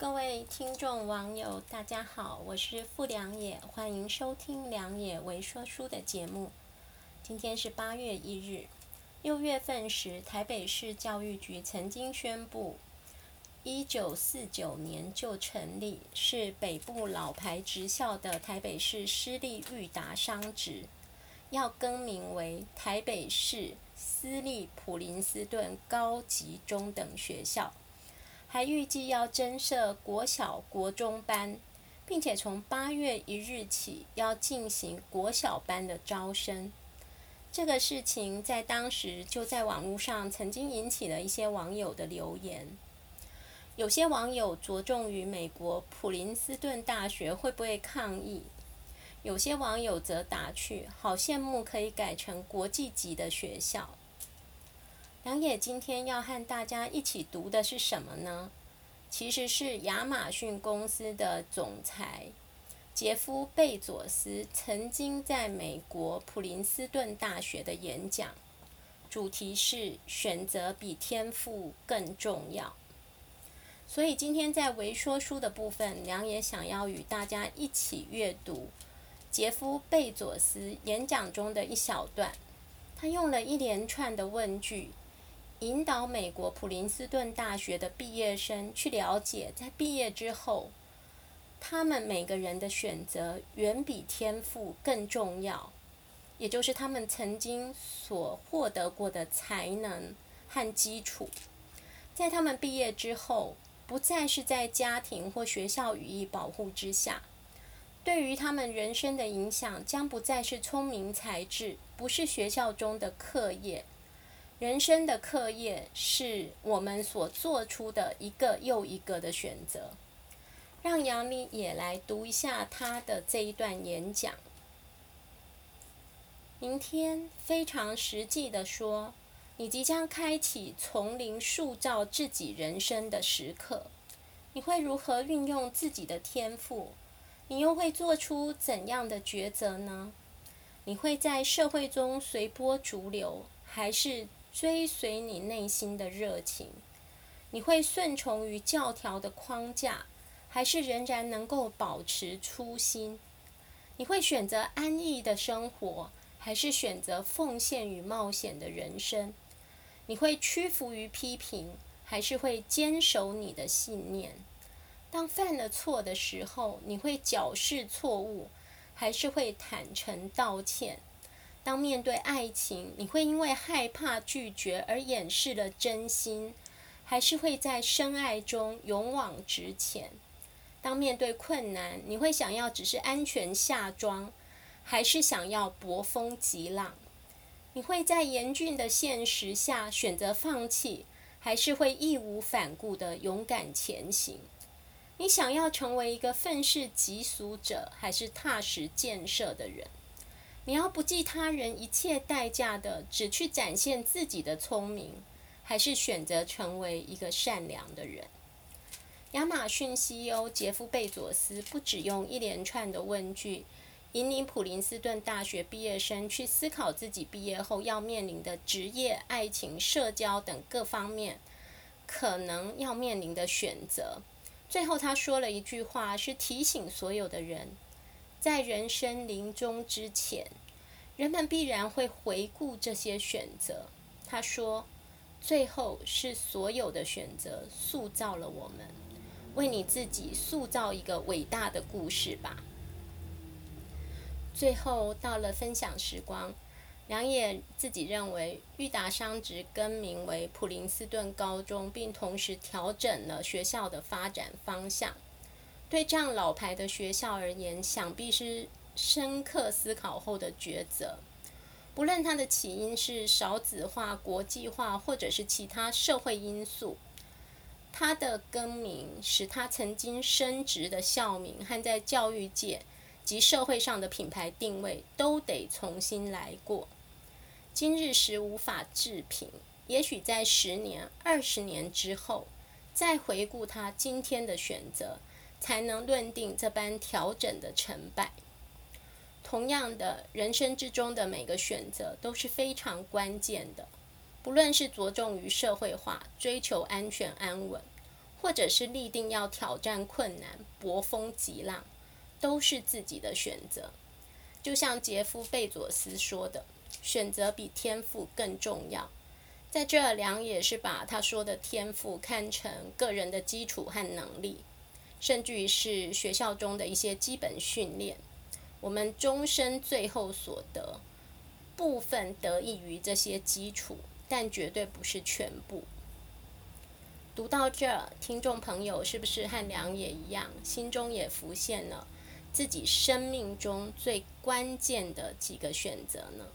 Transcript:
各位聽眾網友，大家好，我是傅良也，歡迎收聽《良也微說書》的節目。今天是八月一日。六月份時，台北市教育局曾經宣布，一九四九年就成立是北部老牌職校的台北市私立育達商職，要更名為台北市私立普林思頓高級中等學校。還預計要增設國小、國中班，並且從八月一日起要進行國小班的招生。這個事情在當時就在網絡上曾經引起了一些網友的留言。有些網友着重於美國普林斯頓大學會不會抗議，有些網友則打趣：“好羨慕可以改成國際級的學校。”良也今天要和大家一起讀的是什麼呢？其實是亞馬遜公司的總裁傑夫·貝佐斯曾經在美國普林斯頓大學的演講，主題是“選擇比天賦更重要”。所以今天在微說書的部分，良也想要與大家一起閱讀杰夫·貝佐斯演講中的一小段，他用了一連串的問句。引導美國普林斯頓大學的畢業生去了解，在畢業之後，他們每個人的選擇遠比天賦更重要，也就是他們曾經所獲得過的才能和基礎，在他們畢業之後，不再是在家庭或學校羽翼保護之下，對於他們人生的影響將不再是聰明才智，不是學校中的課業。人生的課業是我們所做出的一個又一個的選擇。讓良也來讀一下他的這一段演講。明天非常實際的說，你即將開啟從零塑造自己人生的時刻。你會如何運用自己的天賦？你又會做出怎樣的抉擇呢？你會在社會中隨波逐流，還是？追隨你內心的熱情？你會順從於教條的框架，還是仍然能夠保持初心？你會選擇安逸的生活，還是選擇奉獻與冒險的人生？你會屈服於批評，還是會堅守你的信念？當犯了錯的時候，你會狡飾錯誤，還是會坦誠道歉？當面對愛情，你會因為害怕拒絕而掩飾了真心，還是會在深愛中勇往直前？當面對困難，你會想要只是安全下莊，還是想要搏風擊浪？你會在嚴峻的現實下選擇放棄，還是會義無反顧地勇敢前行？你想要成為一個憤世嫉俗者，還是踏實建設的人？你要不計他人一切代價的，只去展現自己的聰明，還是選擇成為一個善良的人？亞馬遜 CEO 傑夫貝佐斯不只用一連串的問句，引領普林斯頓大學畢業生去思考自己畢業後，要面臨的職業、愛情、社交等各方面可能要面臨的選擇。最後他說了一句話，是提醒所有的人。在人生臨終之前，人們必然會回顧這些選擇。他說：“最後是所有的選擇塑造了我們。為你自己塑造一個偉大的故事吧。”最後到了分享時光，良也自己認為，育達商職更名為普林斯頓高中，並同時調整了學校的發展方向。對這樣老牌的學校而言，想必是深刻思考後的抉擇。不論它的起因是少子化、國際化，或者是其他社會因素，它的更名使它曾經深植的校名和在教育界及社會上的品牌定位都得重新來過。今日實無法置評，也許在十年、二十年之後，再回顧它今天的選擇。才能論定這般調整的成敗。同樣的，人生之中的每個選擇都是非常關鍵的，不論是着重於社會化、追求安全安穩，或者是立定要挑戰困難、搏風擊浪，都是自己的選擇。就像傑夫·貝佐斯說的：“選擇比天賦更重要。”在這兒，良也是把他說的天賦看成個人的基礎和能力。甚至於是學校中的一些基本訓練，我們終身最後所得部分，得益於這些基礎，但絕對不是全部。讀到這兒，聽眾朋友是不是和良也一樣，心中也浮現了自己生命中最關鍵的幾個選擇呢？